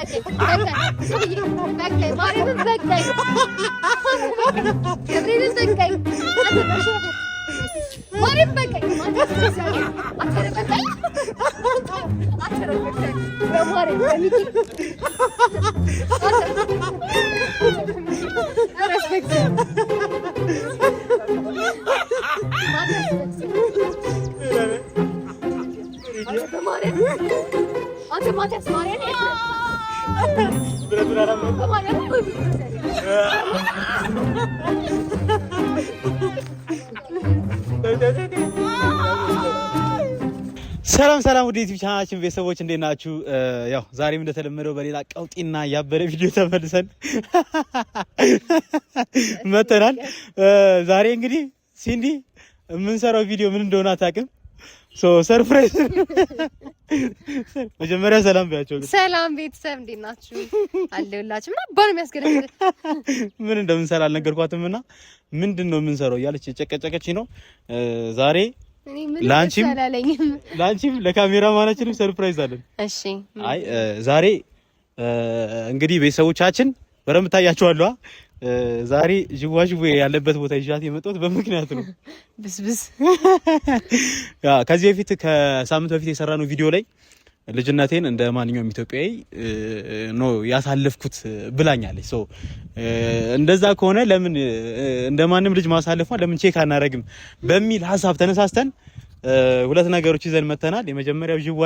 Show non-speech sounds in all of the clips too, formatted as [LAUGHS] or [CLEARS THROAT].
bekleyin. Bekleyin. Bekleyin. Mahiriniz bekleyin. Emriniz ሰላም ሰላም፣ ውድ ዩቲብ ቻናላችን ቤተሰቦች እንዴት ናችሁ? ያው ዛሬም እንደተለመደው በሌላ ቀውጢና ያበረ ቪዲዮ ተመልሰን መተናል። ዛሬ እንግዲህ ሲንዲ የምንሰራው ቪዲዮ ምን እንደሆነ አታውቅም። ሶ ሰርፕራይዝ መጀመሪያ ሰላም ቢያቸው። ሰላም ቤተሰብ እንዴት ናችሁ? አለሁላችሁ። ምን አባል የሚያስገርም ምን እንደምንሰራ አልነገርኳትም እና ምንድን ነው የምንሰራው እያለች የጨቀጨቀች ነው ዛሬ ላንቺም ላንቺም ለካሜራ ማናችንም ሰርፕራይዝ አለን። እሺ አይ ዛሬ እንግዲህ ቤተሰቦቻችን በደንብ ዛሬ ዥዋ ያለበት ቦታ ይዣት የመጣሁት በምክንያት ነው። ብስብስ [LAUGHS] [LAUGHS] ከዚህ በፊት ከሳምንት በፊት ነው ቪዲዮ ላይ ልጅነቴን እንደ ማንኛውም ኢትዮጵያዊ ነው ያሳለፍኩት ብላኛለች። ሶ እንደዛ ከሆነ ለምን እንደ ማንም ልጅ ማሳለፏን ለምን ቼክ አናደርግም በሚል ሀሳብ ተነሳስተን ሁለት ነገሮች ይዘን መተናል። የመጀመሪያው ዥዋ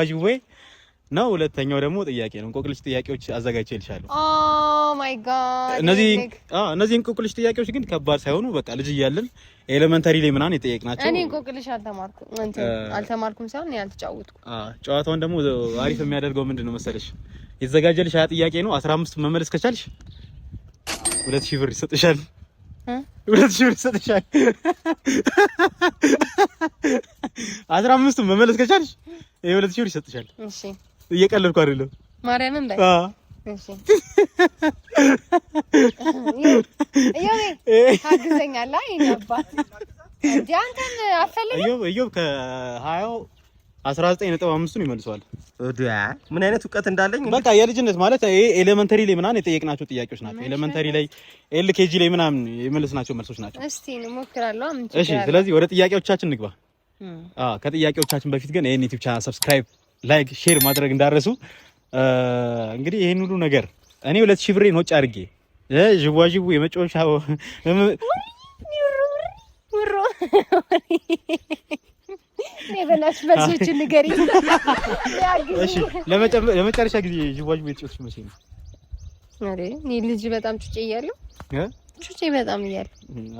ነው። ሁለተኛው ደግሞ ጥያቄ ነው። እንቆቅልሽ ጥያቄዎች አዘጋጅቼልሻለሁ። ኦ oh ማይ ጋድ! እነዚህ አዎ፣ እነዚህ እንቆቅልሽ ጥያቄዎች ግን ከባድ ሳይሆኑ በቃ ልጅ እያለን ኤሌመንተሪ ላይ ምናምን የጠየቅናቸው። እኔ እንቆቅልሽ አልተማርኩም እንትን አልተማርኩም ሳይሆን እኔ አልተጫወትኩም። አዎ፣ ጨዋታውን ደግሞ አሪፍ የሚያደርገው ምንድን ነው መሰለሽ የተዘጋጀልሽ ሀያ ጥያቄ ነው። 15 መመለስ ከቻልሽ ሁለት ሺህ ብር ይሰጥሻል። ሁለት ሺህ ብር ይሰጥሻል። አስራ አምስቱ መመለስ ከቻልሽ ይሄ ሁለት ሺህ ብር ይሰጥሻል። እሺ እየቀለድኩ አይደለም። ማርያምን በይ። አዎ አስራ ዘጠኝ ነጥብ አምስቱን ይመልሰዋል። ምን አይነት እውቀት እንዳለኝ በቃ የልጅነት ማለት ይሄ ኤሌመንተሪ ላይ ምናምን የጠየቅናቸው ጥያቄዎች ናቸው። ኤሌመንተሪ ላይ ኤል ኬጂ ላይ ምናምን የመለስናቸው መልሶች ናቸው። እስቲ እንሞክራለሁ። እሺ፣ ስለዚህ ወደ ጥያቄዎቻችን እንግባ። ከጥያቄዎቻችን በፊት ግን ይሄን ዩቲዩብ ቻናል ሰብስክራይብ ላይክ፣ ሼር ማድረግ እንዳረሱ። እንግዲህ ይሄን ሁሉ ነገር እኔ ሁለት ሺህ ብሬ ነጭ አድርጌ የመጮሻ የመጫወቻ ለመጨረሻ ጊዜ ዥዋዥቡ የተጫወትሽ መቼ ነው? እኔ ልጅ በጣም ጩጭ እያለሁ ጩጬ በጣም እያለ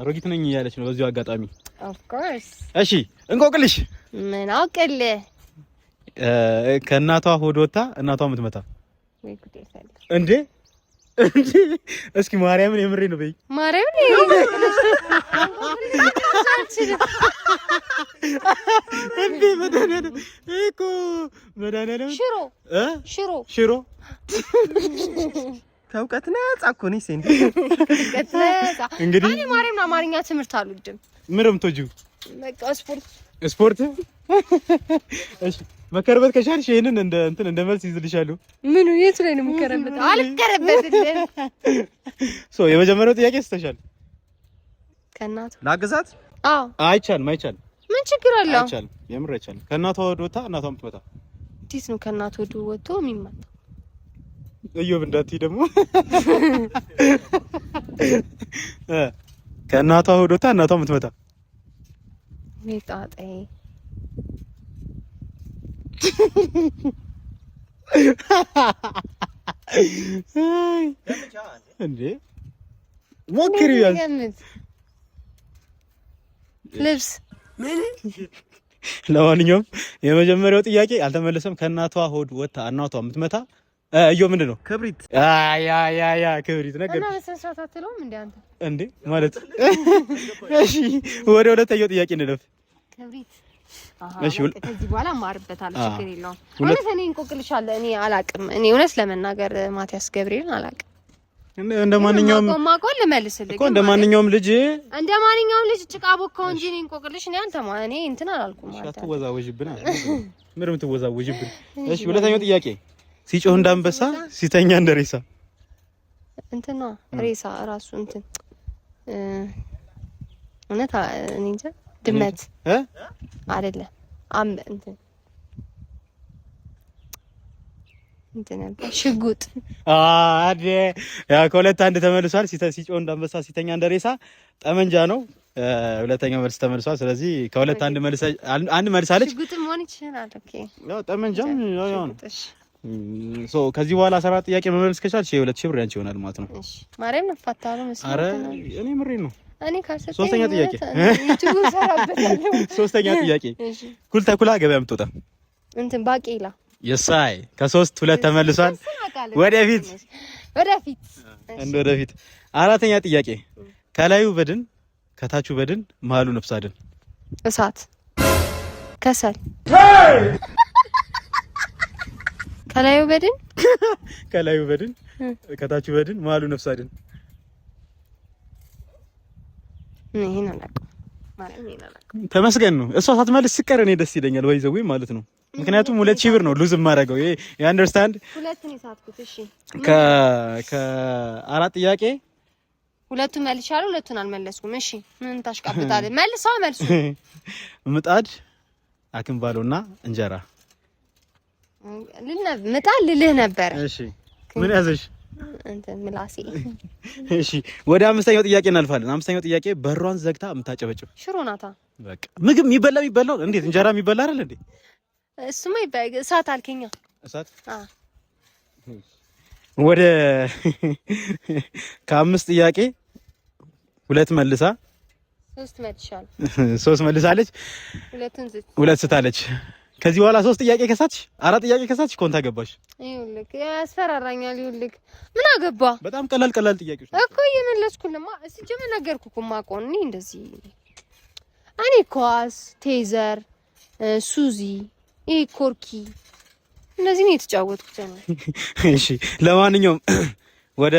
አሮጊት ነኝ እያለች ነው። በዚሁ አጋጣሚ ኦፍ ኮርስ እሺ፣ እንቆቅልሽ ምን አውቅልህ ከእናቷ ሆድ ወታ እናቷ የምትመታ እንዴ? እስኪ ማርያምን የምሬ ነው በይ። ማርያምን ሽሮ ነጻ እንግዲህ ማርያምን አማርኛ ትምህርት አልወድም። ምንም ቶጂው በቃ ስፖርት ስፖርት እሺ፣ መከረበት ከቻልሽ ይሄንን እንደ እንትን እንደ መልስ ይዝልሻለሁ። ምኑ የት ላይ ነው መከረበት? አልከረበትም። ሶ የመጀመሪያው ጥያቄ ስተሻል ከእናቷ ናገዛት? አዎ፣ አይቻልም፣ አይቻልም። ምን ችግር አለው? አይቻልም፣ የምር አይቻልም። ከእናቷ ወድ ወታ እናቷ ምትመታ እንዴት ነው? ከእናቷ ወዶ ወጥቶ የሚመጣ እዮብ እንዳትይ ደግሞ [LAUGHS] ከእናቷ ወድ ወታ እናቷ ምትመታ ጣጣዬ እንዴ ሞክሪ ልብስ ለማንኛውም የመጀመሪያው ጥያቄ አልተመለሰም። ከእናቷ ሆድ ወታ እናቷ የምትመታ እዮ ምንድን ነው? ክብሪት ያ ክብሪት ነገር እንዴ ማለት እሺ፣ ወደ ሁለተኛው ጥያቄ እንለፍ። ክብሪት ከዚህ በኋላ ማርበታለሁ። ችግር የለውም። እውነት እኔ እንቆቅልሻለሁ እኔ አላቅም። እኔ እውነት ለመናገር ማቲያስ ገብርኤልን አላቅም። እንደ ማንኛውም ማቆል ልመልስልህ እኮ እንደ ማንኛውም ልጅ እንደ ማንኛውም ልጅ ጭቃ ቦካው እንጂ እኔ እንቆቅልሽ እኔ አንተ ማን እኔ እንትን አላልኩም ማለት ነው። ትወዛወዥብን [LAUGHS] ምንም ትወዛወዥብን። እሺ ሁለተኛው ጥያቄ ሲጮህ እንዳንበሳ ሲተኛ እንደ ሬሳ እንትና ሬሳ ራሱ እንትን እውነት እኔ እንጃ ድመት አይደለም። አም እንትን እንትን ሽጉጥ አዴ ያ ከሁለት አንድ ተመልሷል። ሲጮ እንዳንበሳ ሲተኛ እንደሬሳ ጠመንጃ ነው። ሁለተኛው መልስ ተመልሷል። ስለዚህ ከሁለት አንድ መልስ አንድ መልስ አለች። ሽጉጥ መሆን ይችላል። ኦኬ ያው ጠመንጃም ያው ያው ነው። ሶ ከዚህ በኋላ አስራ አራት ጥያቄ መመለስ ከቻልሽ የሁለት ሺህ ብር ያንቺ ይሆናል ማለት ነው። ማርያም ነፋታሉ መስሎኝ። ኧረ እኔ ምሬ ነው። [LAUGHS] ሶስተኛ ጥያቄ ሶስተኛ ጥያቄ ኩል ተኩላ ገበያ የምትወጣ እንትን ባቄላ የሳይ ከሶስት ሁለት ተመልሷል። ወደፊት ወደፊት እንደ ወደፊት። አራተኛ ጥያቄ ከላዩ በድን ከታቹ በድን መሀሉ ነፍስ አድን እሳት ከሰል ከላዩ በድን ከላዩ በድን ከታች በድን መሀሉ ነፍስ አድን ተመስገን ነው። እሷ ሳትመልስ ሲቀር እኔ ደስ ይለኛል፣ ወይ ዘዊ ማለት ነው። ምክንያቱም ሁለት ሺህ ብር ነው ሉዝ የማደርገው። ከ ከአራት ጥያቄ ሁለቱ መልሻለሁ፣ ሁለቱን አልመለስኩም። እሺ ምን ታሽቃብጣለህ? [LAUGHS] መልሰው መልሱ ምጣድ አክምባሎና እንጀራ ምታ ልልህ ነበረ። እሺ ምን ያዘሽ? ምላሴ እሺ፣ ወደ አምስተኛው ጥያቄ እናልፋለን። አምስተኛው ጥያቄ በሯን ዘግታ የምታጨበጭብ ሽሮ ናታ። በቃ ምግብ የሚበላ የሚበላው እንዴት እንጀራ የሚበላ አይደል እንዴ? እሱማ ይበላ እሳት አልከኛ። እሳት ወደ [LAUGHS] ከአምስት ጥያቄ ሁለት መልሳ ሶስት መልሳለች፣ ሁለት ስታለች ከዚህ በኋላ ሶስት ጥያቄ ከሳች አራት ጥያቄ ከሳች ኮንታ ገባሽ። ይኸውልህ ያስፈራራኛል። ይኸውልህ ምን አገባ? በጣም ቀላል ቀላል ጥያቄዎች እኮ እየመለስኩልማ። እስቲ ጀመ ነገርኩ እኮ ማቆን እኔ እንደዚህ እኔ ኳስ፣ ቴዘር፣ ሱዚ፣ ይሄ ኮርኪ እነዚህ ነው የተጫወትኩት። [LAUGHS] እሺ ለማንኛውም [CLEARS THROAT] ወደ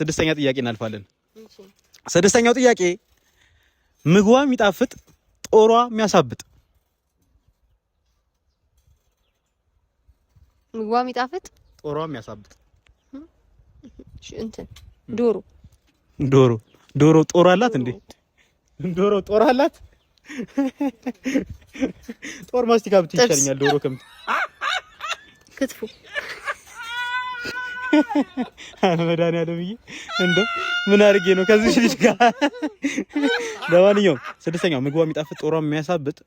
ስድስተኛ ጥያቄ እናልፋለን። ስድስተኛው ጥያቄ ምግቧ የሚጣፍጥ ጦሯ የሚያሳብጥ ምግቧ የሚጣፍጥ ጦሯ የሚያሳብጥ እንትን ዶሮ ዶሮ ዶሮ ጦር አላት እንዴ? ዶሮ ጦር አላት። ጦር ማስቲካ ብትይ ይሻለኛል ዶሮ ከምት ክትፎ አመዳን መድኃኒዓለም ብዬ እንደው ምን አድርጌ ነው ከዚህ ልጅ ጋር። ለማንኛውም ስድስተኛው ምግቧ የሚጣፍጥ ጦሯ የሚያሳብጥ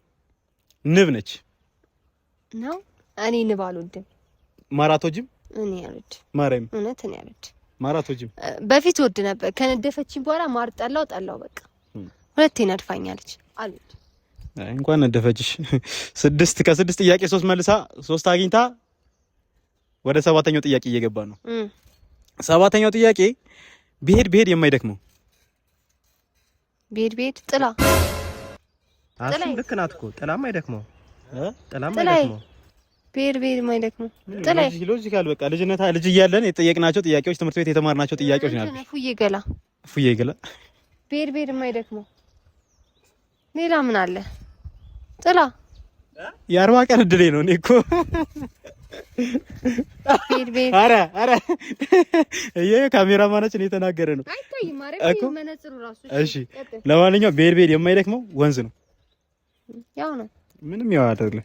ንብ ነች ነው። እኔ ንብ አልወድም። ማራቶጅም እኔ ያልድ ማርያም እውነት እኔ ያሉት ማራቶጅም በፊት ወድ ነበር። ከነደፈችኝ በኋላ ማር ጠላው ጠላው በቃ ሁለቴ ነድፋኛለች አልድ እንኳን ነደፈችሽ። [LAUGHS] ስድስት ከስድስት ጥያቄ ሶስት መልሳ ሶስት አግኝታ ወደ ሰባተኛው ጥያቄ እየገባ ነው። ሰባተኛው ጥያቄ ብሄድ ብሄድ የማይደክመው ብሄድ ብሄድ ጥላ ጥላ ልክ ናት እኮ ጥላም አይደክመው ጥላም አይደክመው ብሄር ብሄር ማይደክ ነው ጥላይ ሎጂካል በቃ ልጅነት ልጅ እያለን የጠየቅናቸው ጥያቄዎች ትምህርት ቤት የተማርናቸው ጥያቄዎች ናቸው። ፉዬ ገላ ፉዬ ገላ ብሄር ብሄር ማይደክ ነው። ሌላ ምን አለ ጥላ የአርባ ቀን እድሌ ነው። እኔ እኮ ኧረ ኧረ ካሜራማናችን የተናገረ ነው እኮ። እሺ ለማንኛውም ብሄር ብሄር የማይደክመው ወንዝ ነው። ያው ነው ምንም ያው አይደለም።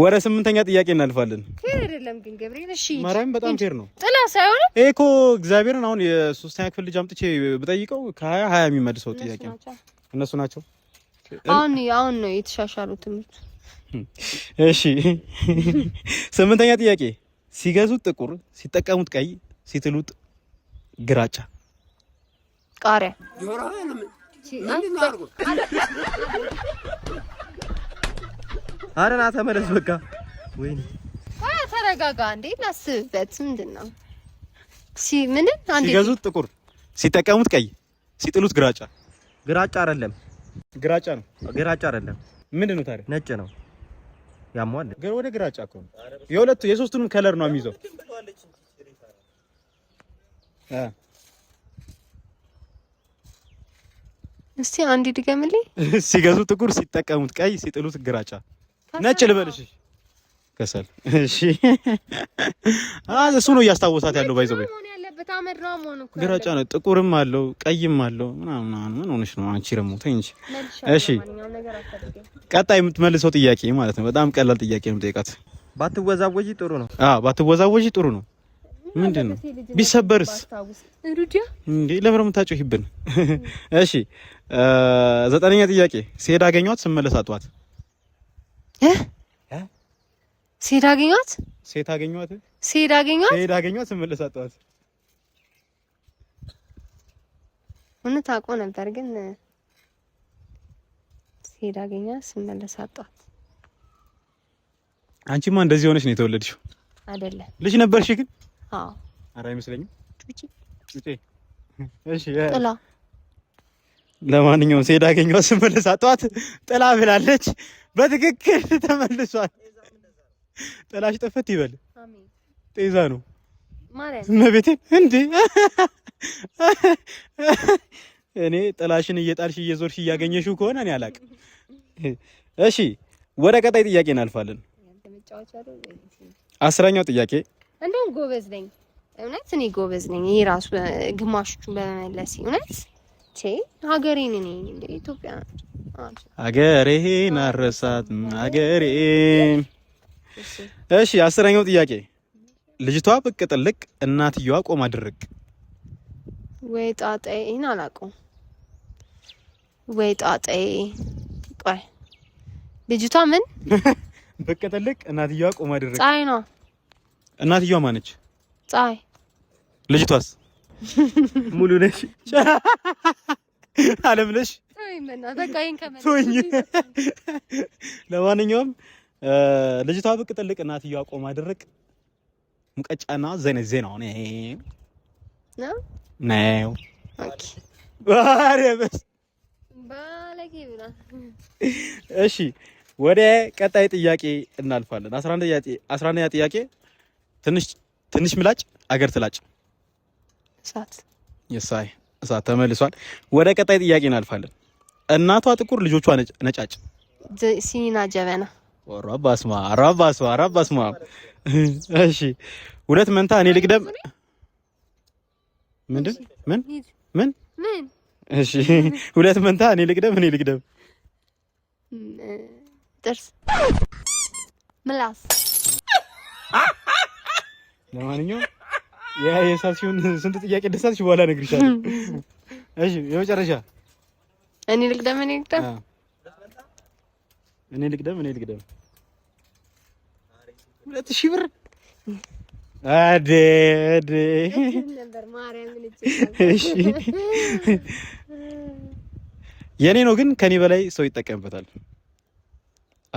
ወረ ስምንተኛ ጥያቄ እናልፋለን። ፌር አይደለም ግን ገብርኤል፣ እሺ ማርያም፣ በጣም ፌር ነው። ጥላ ሳይሆን ይሄ እኮ እግዚአብሔርን አሁን የሶስተኛ ክፍል ልጅ አምጥቼ ብጠይቀው ከሀያ ሀያ የሚመልሰው ጥያቄ ነው። እነሱ ናቸው አሁን አሁን ነው የተሻሻሉት ትምህርት። እሺ ስምንተኛ ጥያቄ ሲገዙት ጥቁር፣ ሲጠቀሙት ቀይ፣ ሲትሉት ግራጫ ቃሪያ [LAUGHS] ኧረ ና ተመለስ። በቃ ወይኔ ተረጋጋ። እንዴ ላስብበት። ምንድን ነው አንዴ ሲገዙት ጥቁር፣ ሲጠቀሙት ቀይ፣ ሲጥሉት ግራጫ። ግራጫ አይደለም፣ ግራጫ ነው። ግራጫ አይደለም። ምንድን ነው ታዲያ? ነጭ ነው። ያሟል ወደ ግራጫ እኮ ነው። የሁለቱ የሶስቱንም ከለር ነው የሚይዘው። እስቲ አንድ ድገምልኝ። [LAUGHS] ሲገዙ ጥቁር፣ ሲጠቀሙት ቀይ፣ ሲጥሉት ግራጫ ነጭ ልበልሽ ከሰል። እሺ [LAUGHS] እሱ ነው እያስታወሳት ያለው ባይዘው ግራጫ ነው፣ ጥቁርም አለው፣ ቀይም አለው ምናምን ምን ሆነሽ ነው አንቺ ደግሞ ተይ እንጂ። እሺ ቀጣይ የምትመልሰው ጥያቄ ማለት ነው። በጣም ቀላል ጥያቄ ነው የምጠይቃት። ባትወዛወጂ ጥሩ ነው። አዎ ባትወዛወጂ ጥሩ ነው። ምንድን ነው ቢሰበርስ? እንዴ ለምን የምታጮሂብን? [LAUGHS] እሺ ዘጠነኛ ጥያቄ ስሄድ አገኘኋት ስመለስ አጧት ሴት አገኟት ሴት አገኟት ሴት አገኟት ሴት አገኟት ስመለስ አጣኋት። እውነት አውቆ ነበር ግን ሴት አገኟት ስመለስ አጣኋት። አንቺማ እንደዚህ ሆነሽ ነው የተወለድሽው አይደለ? ልጅ ነበርሽ ግን? አዎ። ኧረ አይመስለኝም። ጥላ ለማንኛውም ስሄድ አገኘኋት። ስመለስ አጧት ጥላ ብላለች። በትክክል ተመልሷል። ጥላሽ ጥፍት ይበል። ጤዛ ነው እመቤቴን። እንዴ እኔ ጥላሽን እየጣልሽ እየዞርሽ እያገኘሽው ከሆነ እኔ አላቅም። እሺ ወደ ቀጣይ ጥያቄ እናልፋለን። አስረኛው ጥያቄ እንደውም ጎበዝ ነኝ እውነት፣ እኔ ጎበዝ ነኝ። ይሄ ራሱ ግማሾቹን በመመለስ እውነት ቼ ሀገሬን እኔ ኢትዮጵያ ሀገሬን አረሳትም ሀገሬ። እሺ አስረኛው ጥያቄ ልጅቷ ብቅ ጥልቅ እናትየዋ ቆማ ድርቅ። ወይ ጣጤ ይህን አላውቀውም። ወይ ጣጤ ቆይ ልጅቷ ምን [LAUGHS] ብቅ ጥልቅ እናትየዋ ቆማ ድርቅ። ፀሐይ ነው። እናትየዋ ማነች? ፀሐይ። ልጅቷስ ሙሉ ነሽ [LAUGHS] አለም ነሽ። ለማንኛውም ልጅቷ ብቅ ጥልቅ፣ እናትየዋ ቆማ ድርቅ ሙቀጫና ዘነ ዜናው ነው። እሺ ወደ ቀጣይ ጥያቄ እናልፋለን። አስራ አንደኛ ጥያቄ ትንሽ ትንሽ ምላጭ አገር ትላጭ የሳይ እሳት ተመልሷል። ወደ ቀጣይ ጥያቄ እናልፋለን። እናቷ ጥቁር፣ ልጆቿ ነጫጭ። ሲኒና ጀበና። ረባስማ ረባስማ ረባስማ። እሺ ሁለት መንታ እኔ ልቅደም። ምንድን ምን ምን ምን? እሺ ሁለት መንታ እኔ ልቅደም እኔ ልቅደም። ጥርስ ምላስ። ለማንኛውም የሂሳብ ስንት ጥያቄ ደሳለች በኋላ እነግርሻለሁ። [LAUGHS] እሺ የመጨረሻ እኔ ልቅደም እኔ ልቅደም እኔ ልቅደም እኔ ልቅደም ሁለት ሺህ ብር አዴ አዴ እሺ የኔ ነው ግን ከኔ በላይ ሰው ይጠቀምበታል።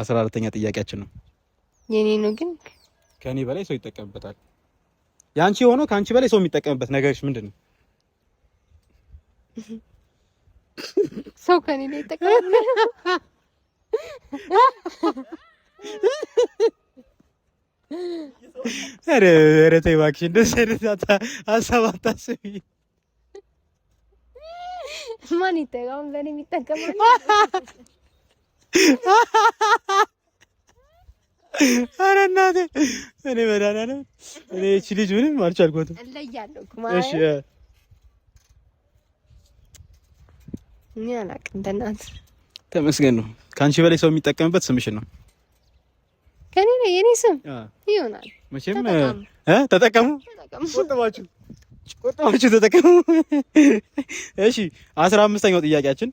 አስራ አራተኛ ጥያቄያችን ነው። የኔ ነው ግን ከኔ በላይ ሰው ይጠቀምበታል። ያንቺ የሆነው ከአንቺ በላይ ሰው የሚጠቀምበት ነገርሽ ምንድን ነው? ሰው ከኔ ላይ ይጠቀማል። ኧረ ተይ እባክሽ እንደዚህ አይነት ሀሳብ አታስቢ። ማን ይጠቀማል? በእኔ የሚጠቀማል [LAUGHS] ኧረ እናቴ እኔ መድኃኒዓለም እኔ እቺ ልጅ ምንም አልቻልኳትም። እሺ እኔ አላቅም። እንደናንተ ተመስገን ነው። ከአንቺ በላይ ሰው የሚጠቀምበት ስምሽን ነው። ከኔ ነው የኔ ስም ይሆናል መቼም። ተጠቀሙ፣ ቁጥባችሁ ቁጥባችሁ ተጠቀሙ። እሺ አስራ አምስተኛው ጥያቄያችን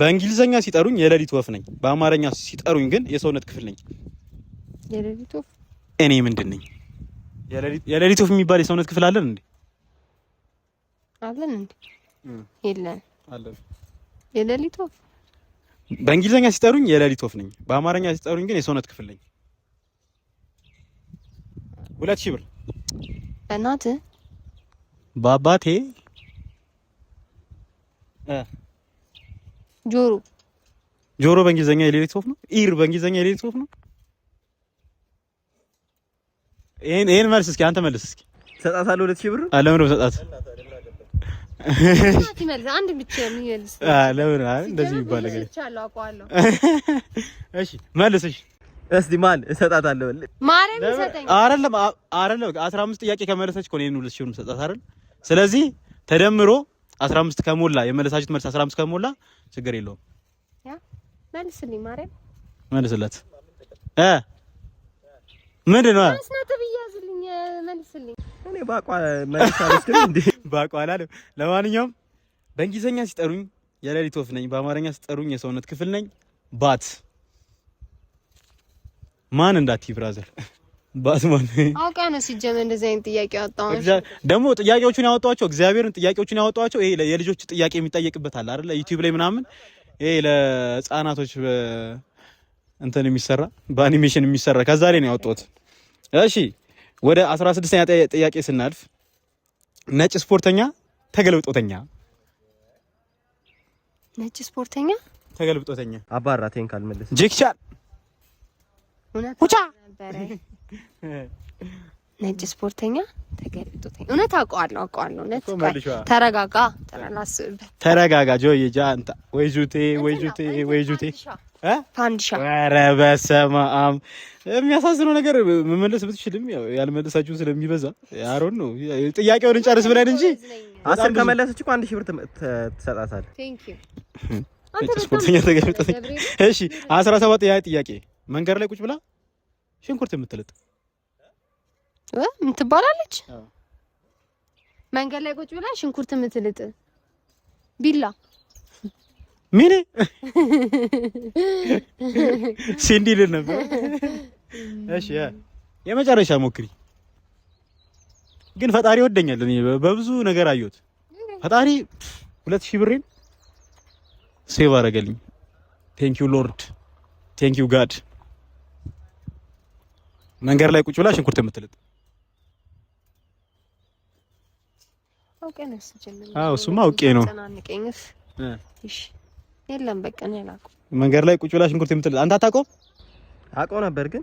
በእንግሊዘኛ ሲጠሩኝ የሌሊት ወፍ ነኝ፣ በአማርኛ ሲጠሩኝ ግን የሰውነት ክፍል ነኝ። የሌሊት ወፍ እኔ ምንድን ነኝ? የሌሊት ወፍ የሚባል የሰውነት ክፍል አለን እንዴ? አለን እንዴ? የለን አለን። የሌሊት ወፍ በእንግሊዘኛ ሲጠሩኝ የሌሊት ወፍ ነኝ፣ በአማርኛ ሲጠሩኝ ግን የሰውነት ክፍል ነኝ። ሁለት ሺህ ብር በእናትህ በአባቴ ጆሮ ጆሮ በእንግሊዘኛ የሌሊት ወፍ ነው። ኢር በእንግሊዘኛ የሌሊት ወፍ ነው። ይሄን ይሄን መልስ እስኪ አንተ መልስ እስኪ ሰጣታለሁ። ሁለት ሺህ ብር ለምን ነው ሰጣት? አንድ ብቻ [LAUGHS] እሺ፣ መልስ እሺ እስቲ 15 ጥያቄ ከመለሰች እኮ አይደል? ስለዚህ ተደምሮ 15 ከሞላ የመለሳችሁት መልስ 15 ከሞላ ችግር የለውም። ያ መልስልኝ፣ ማርያም መልስለት እ ምንድን ነው ባቋላ ለማንኛውም በእንግሊዝኛ ሲጠሩኝ የሌሊት ወፍ ነኝ፣ በአማርኛ ሲጠሩኝ የሰውነት ክፍል ነኝ። ባት ማን እንዳትይ ብራዘር ባትማን አውቃ ነው ሲጀመር እንደዚህ አይነት ጥያቄ ያወጣው ደግሞ ጥያቄዎቹን ያወጣቸው እግዚአብሔርን ጥያቄዎቹን ያወጣቸው ይሄ የልጆች ጥያቄ የሚጠየቅበት አለ አይደል? ዩቲዩብ ላይ ምናምን ይሄ ለህፃናቶች እንትን የሚሰራ በአኒሜሽን የሚሰራ ከዛ ላይ ነው ያወጣሁት። እሺ ወደ 16ኛ ጥያቄ ስናልፍ ነጭ ስፖርተኛ ተገልብጦተኛ ነጭ ስፖርተኛ ተገልብጦተኛ አባራ ቴንካል መልስ ጄክቻል ሁቻ ነጭ ስፖርተኛ ተገልጦ እውነት አውቀዋለሁ አውቀዋለሁ። እውነት ተረጋጋ፣ ተረጋጋ፣ ተረጋጋ። ጆይ ጃ አንተ ወይ ጁቴ ወይ ጁቴ ወይ ጁቴ ፋንዲሻ። ኧረ በስመ አብ! የሚያሳዝነው ነገር መመለስ ብትችልም ያልመለሳችሁ ስለሚበዛ አሮን ነው ጥያቄውን እንጨርስ ብለን እንጂ አስር ከመለሰች እኮ አንድ ሺህ ብር ትሰጣታለህ። ነጭ ስፖርተኛ ተገልጦ። እሺ አስራ ሰባት ያ ጥያቄ መንገድ ላይ ቁጭ ብላ ሽንኩርት የምትልጥ ምትባላለች መንገድ ላይ ቁጭ ብላ ሽንኩርት የምትልጥ ቢላ ምን [LAUGHS] ሲንዲል ነበር። እሺ የመጨረሻ ሞክሪ። ግን ፈጣሪ ወደኛል። በብዙ ነገር አየሁት። ፈጣሪ ሁለት ሺህ ብሬን ሴቭ አደረገልኝ። ቴንኪዩ ሎርድ፣ ቴንኪዩ ጋድ መንገድ ላይ ቁጭ ብላ ሽንኩርት የምትልጥ አዎ፣ እሱማ አውቄ ነው። የለም በቃ መንገድ ላይ ቁጭ ብላ ሽንኩርት የምትልጥ አንተ አታውቀውም? አውቀው ነበር ግን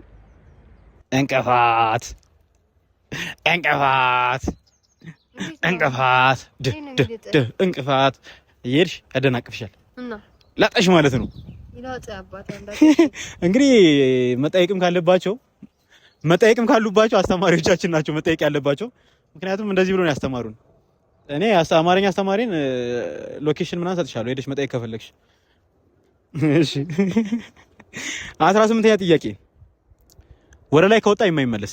እንቅፋት እንቅፋት እንቅፋት እንቅፋት እየሄድሽ ያደናቅፍሻል። ላጣሽ ማለት ነው [LAUGHS] እንግዲህ መጠየቅም ካለባቸው መጠየቅም ካሉባቸው አስተማሪዎቻችን ናቸው መጠየቅ ያለባቸው። ምክንያቱም እንደዚህ ብሎ ነው ያስተማሩን። እኔ አማርኛ አስተማሪን ሎኬሽን ምናምን ሰጥሻለሁ ሄደሽ መጠየቅ ከፈለግሽ። እሺ፣ አስራ ስምንተኛ ጥያቄ ወደ ላይ ከወጣ የማይመለስ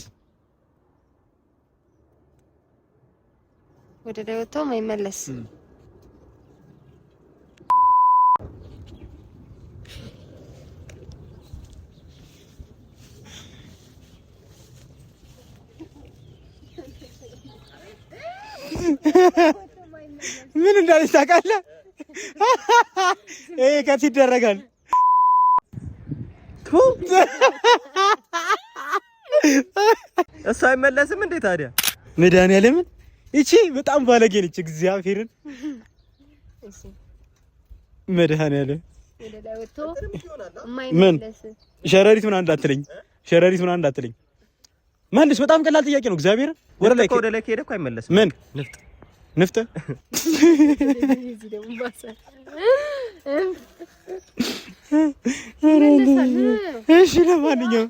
ወደ ላይ ወጥቶ የማይመለስ ምን እንዳለች ታውቃለህ? ይሄ ከት ይደረጋል። እሱ አይመለስም እንዴ ታዲያ? መድኃኒዓለምን ይቺ በጣም ባለጌ ነች። እግዚአብሔርን መድኃኒዓለም ምን ሸረሪት ምናምን እንዳትለኝ፣ ሸረሪት ምናምን እንዳትለኝ። መልስ። በጣም ቀላል ጥያቄ ነው። እግዚአብሔርን ወደ ላይ ከሄደ እኮ አይመለስም። ምን ንፍጥ ንፍተ እሺ፣ ለማንኛውም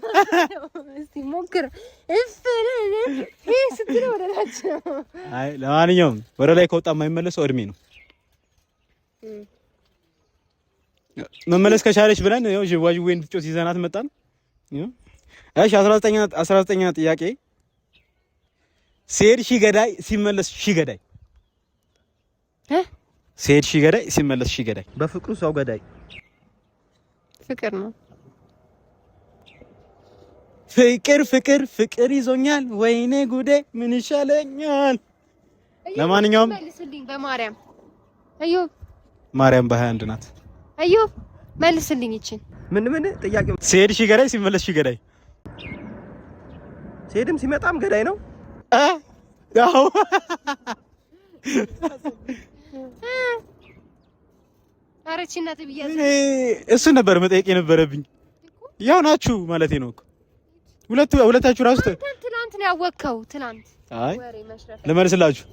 ለማንኛውም ወደ ላይ ከወጣ የማይመለሰው እድሜ ነው። መመለስ ከቻለች ብለን ያው ዥዋዥዌ እንድትጮት ይዘናት መጣን። እሺ፣ 19 19 ጥያቄ ሲሄድ ሺህ ገዳይ ሲመለስ ሺ ገዳይ ሲሄድ ሺ ገዳይ ሲመለስ ሺ ገዳይ። በፍቅሩ ሰው ገዳይ ፍቅር ነው። ፍቅር ፍቅር ፍቅር ይዞኛል። ወይኔ ጉዴ ምን ይሻለኛል? ለማንኛውም በማርያም አዩብ ማርያም በሀያ አንድ ናት። አዩብ መልስልኝ ይችን ምን ምን ጥያቄ። ሲሄድ ሺ ገዳይ ሲመለስ ሺ ገዳይ፣ ሲሄድም ሲመጣም ገዳይ ነው። አዎ እሱ ነበር መጠየቅ የነበረብኝ። ያው ናችሁ ማለት ነው እኮ ሁለቱ ሁለታችሁ ራሱ ትናንት ነው ያወቅከው። ትናንት አይ ልመልስላችሁ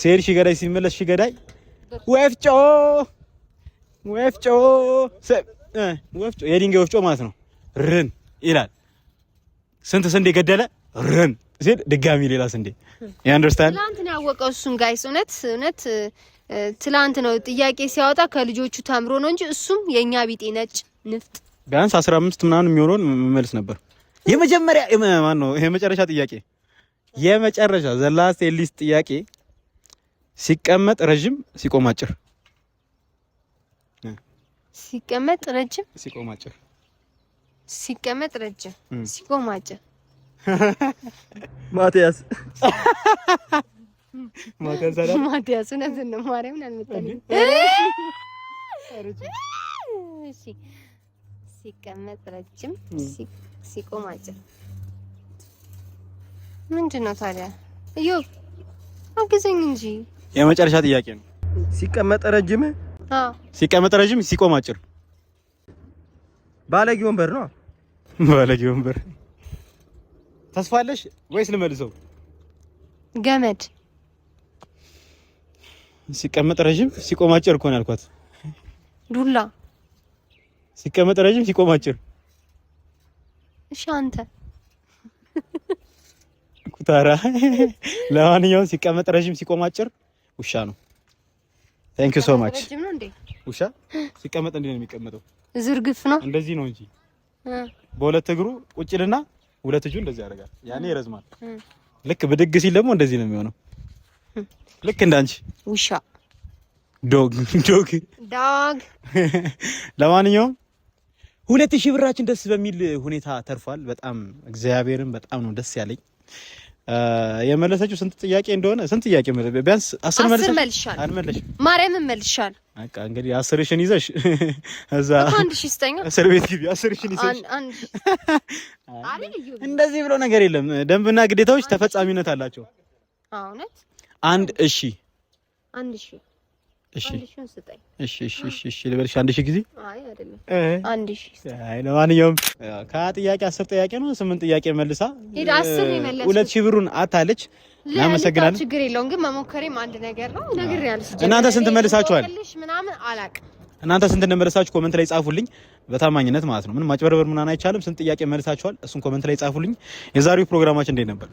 ሲሄድ ሺ ገዳይ ሲመለስ ሺህ ገዳይ ወፍጮ ወፍጮ ወፍጮ የድንጋይ ወፍጮ ማለት ነው ርን ይላል። ስንት ስንዴ ገደለ ርን ሲል ድጋሚ ሌላ ስንዴ ያንደርስታንድ ትላንት ነው ያወቀው። እሱን ጋይስ እውነት እውነት ትላንት ነው ጥያቄ ሲያወጣ ከልጆቹ ተምሮ ነው እንጂ እሱም የእኛ ቢጤ ነጭ ንፍጥ ቢያንስ አስራ አምስት ምናምን የሚሆነውን መልስ ነበር። የመጀመሪያ ማን ነው የመጨረሻ ጥያቄ የመጨረሻ ዘላስ ኤሊስ ጥያቄ ሲቀመጥ ረዥም ሲቆም አጭር፣ ሲቀመጥ ረጅም ሲቆም አጭር፣ ሲቀመጥ ረጅም ሲቆም አጭር ማቲያስ ማቲያስ ማቲያስ እውነት ነው። ማርያምን አልመጣልኝ። እሺ ሲቀመጥ ረጅም፣ ሲቆም አጭር ምንድን ነው ታዲያ? እዮብ አግዘኝ እንጂ የመጨረሻ ጥያቄ ነው። ሲቀመጥ ረጅም፣ ሲቀመጥ ረጅም፣ ሲቆም አጭር። ባለጌ ወንበር ነው። ባለጌ ወንበር ተስፋለሽ ወይስ ልመልሰው? ገመድ ሲቀመጥ ረዥም ሲቆም አጭር እኮ ነው ያልኳት። ዱላ ሲቀመጥ ረዥም ሲቆም አጭር። እሺ አንተ ኩታራ። ለማንኛውም ሲቀመጥ ረዥም ሲቆም አጭር ውሻ ነው። ታንክ ዩ ሶ ማች። ውሻ ሲቀመጥ እንዴ ነው የሚቀመጠው? ዝርግፍ ነው። እንደዚህ ነው እንጂ በሁለት እግሩ ቁጭልና ሁለት እጁ እንደዚህ ያደርጋል፣ ያኔ ይረዝማል። ልክ ብድግ ሲል ደግሞ እንደዚህ ነው የሚሆነው። [LAUGHS] ልክ እንዳንቺ ውሻ ዶግ ዶግ ዶግ። [LAUGHS] ለማንኛውም ሁለት ሺህ ብራችን ደስ በሚል ሁኔታ ተርፏል። በጣም እግዚአብሔርን በጣም ነው ደስ ያለኝ። የመለሰችው ስንት ጥያቄ እንደሆነ ስንት ጥያቄ ቢያንስ አስር መልሻል። አልመለሽም ማርያምን መልሻል በቃ እንግዲህ አስርሽን ይዘሽ [LAUGHS] እዛ አንድ ሺህ ስጠኝ፣ እስር ቤት ግቢ። አስርሽን ይዘሽ [LAUGHS] እንደዚህ ብሎ ነገር የለም። ደንብና ግዴታዎች ተፈጻሚነት አላቸው። አንድ እሺ፣ አንድ እሺ እሺ አስር ጥያቄ ነው ስምንት ጥያቄ መልሳ ሁለት ሺህ ብሩን አታለች። እናመሰግናለን። ችግር የለውም ግን መሞከሬም አንድ ነገር ነው። እናንተ ስንት መልሳችኋል? እናንተ ስንት እንደመለሳችሁ ኮመንት ላይ ጻፉልኝ፣ በታማኝነት ማለት ነው። ምንም ማጭበርበር ምናምን አይቻልም። ስንት ጥያቄ መልሳችኋል? እሱን ኮመንት ላይ ጻፉልኝ። የዛሬው ፕሮግራማችን እንዴት ነበር?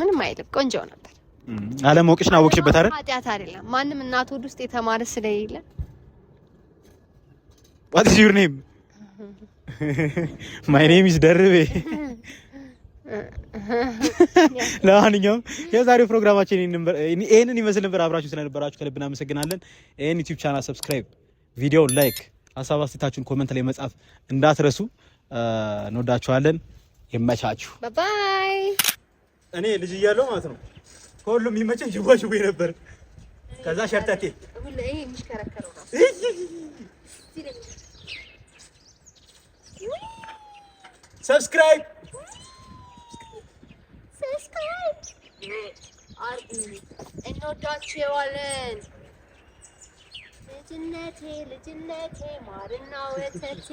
ምንም አይልም፣ ቆንጆ ነበር። አለማወቅሽን አወቅሽበት አይደል? ኃጢአት አይደለም። ማንም እናት ሆድ ውስጥ የተማረ ስለሌለ What is your name? My name is ደርቤ። ለማንኛውም የዛሬው ፕሮግራማችን ይህንን ይመስል ነበር። አብራችሁ ስለነበራችሁ ከልብ እናመሰግናለን። ይህን ዩቲዩብ ቻናል ሰብስክራይብ፣ ቪዲዮ ላይክ፣ ሀሳብ አስተያየታችሁን ኮመንት ላይ መጻፍ እንዳትረሱ። እንወዳችኋለን። ይመቻችሁ። ባይ። እኔ ልጅ እያለሁ ማለት ነው ከሁሉም የሚመቸኝ ዥዋዥዌ ነበር። ከዛ ሸርተቴ ሰብስክራይብ እንወዳችኋለን። ልጅነቴ ልጅነቴ ማርና ወተቴ